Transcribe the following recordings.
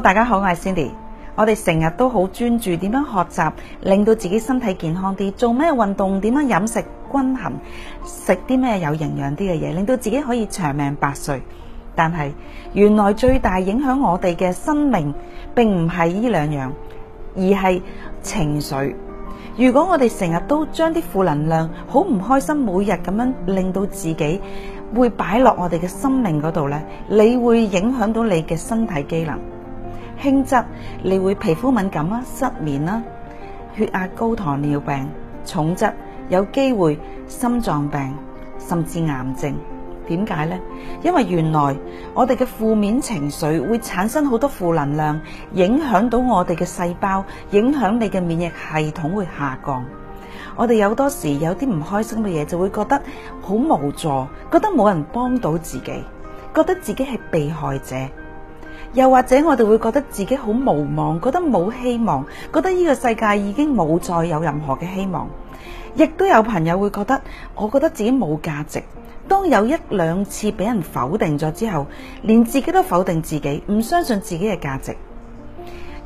大家好，我係 Cindy。我哋成日都好專注點樣學習，令到自己身體健康啲，做咩運動，點樣飲食均衡，食啲咩有營養啲嘅嘢，令到自己可以長命百歲。但係原來最大影響我哋嘅生命，並唔係呢兩樣，而係情緒。如果我哋成日都將啲負能量好唔開心，每日咁樣令到自己會擺落我哋嘅生命嗰度咧，你會影響到你嘅身體機能。輕則你會皮膚敏感啊，失眠啊，血壓高、糖尿病；重則有機會心臟病甚至癌症。點解呢？因為原來我哋嘅負面情緒會產生好多負能量，影響到我哋嘅細胞，影響你嘅免疫系統會下降。我哋有多時有啲唔開心嘅嘢，就會覺得好無助，覺得冇人幫到自己，覺得自己係被害者。又或者我哋會覺得自己好無望，覺得冇希望，覺得呢個世界已經冇再有任何嘅希望。亦都有朋友會覺得我覺得自己冇價值。當有一兩次俾人否定咗之後，連自己都否定自己，唔相信自己嘅價值。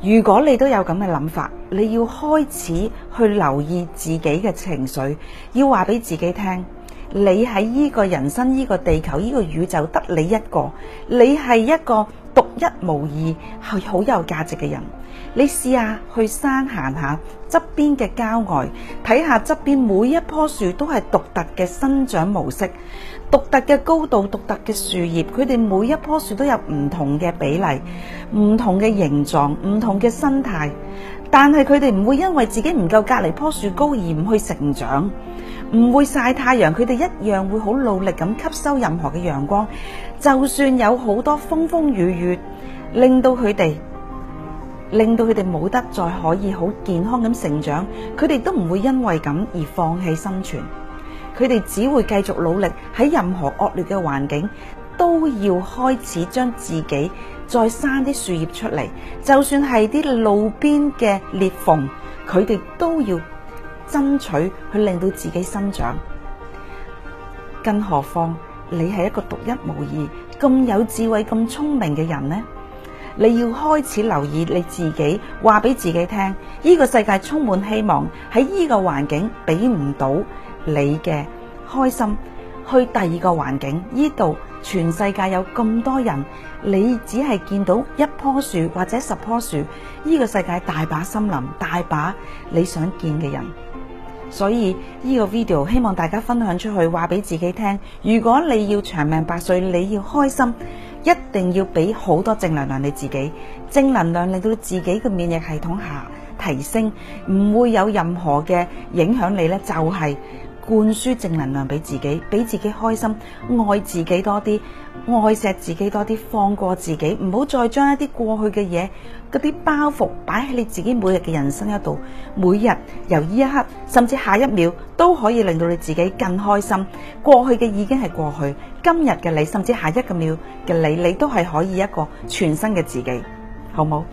如果你都有咁嘅諗法，你要開始去留意自己嘅情緒，要話俾自己聽，你喺呢個人生，呢個地球、呢個宇宙得你一個，你係一個獨一無二係好有價值嘅人，你試下去山行下，側邊嘅郊外睇下側邊，每一棵樹都係獨特嘅生長模式，獨特嘅高度，獨特嘅樹葉，佢哋每一棵樹都有唔同嘅比例，唔同嘅形狀，唔同嘅生態，但係佢哋唔會因為自己唔夠隔離棵樹高而唔去成長，唔會曬太陽，佢哋一樣會好努力咁吸收任何嘅陽光。就算有好多風風雨雨，令到佢哋，令到佢哋冇得再可以好健康咁成長，佢哋都唔會因為咁而放棄生存。佢哋只會繼續努力喺任何惡劣嘅環境，都要開始將自己再生啲樹葉出嚟。就算係啲路邊嘅裂縫，佢哋都要爭取去令到自己生長。更何況。你係一個獨一無二、咁有智慧、咁聰明嘅人呢？你要開始留意你自己，話俾自己聽：呢個世界充滿希望。喺呢個環境俾唔到你嘅開心，去第二個環境。呢度全世界有咁多人，你只係見到一棵樹或者十棵樹。呢個世界大把森林，大把你想見嘅人。所以呢個 video 希望大家分享出去，話俾自己聽。如果你要長命百歲，你要開心，一定要俾好多正能量你自己。正能量令到自己嘅免疫系統下提升，唔會有任何嘅影響你咧，就係。灌輸正能量俾自己，俾自己開心，愛自己多啲，愛錫自己多啲，放過自己，唔好再將一啲過去嘅嘢嗰啲包袱擺喺你自己每日嘅人生一度。每日由呢一刻，甚至下一秒，都可以令到你自己更開心。過去嘅已經係過去，今日嘅你，甚至下一個秒嘅你，你都係可以一個全新嘅自己，好冇？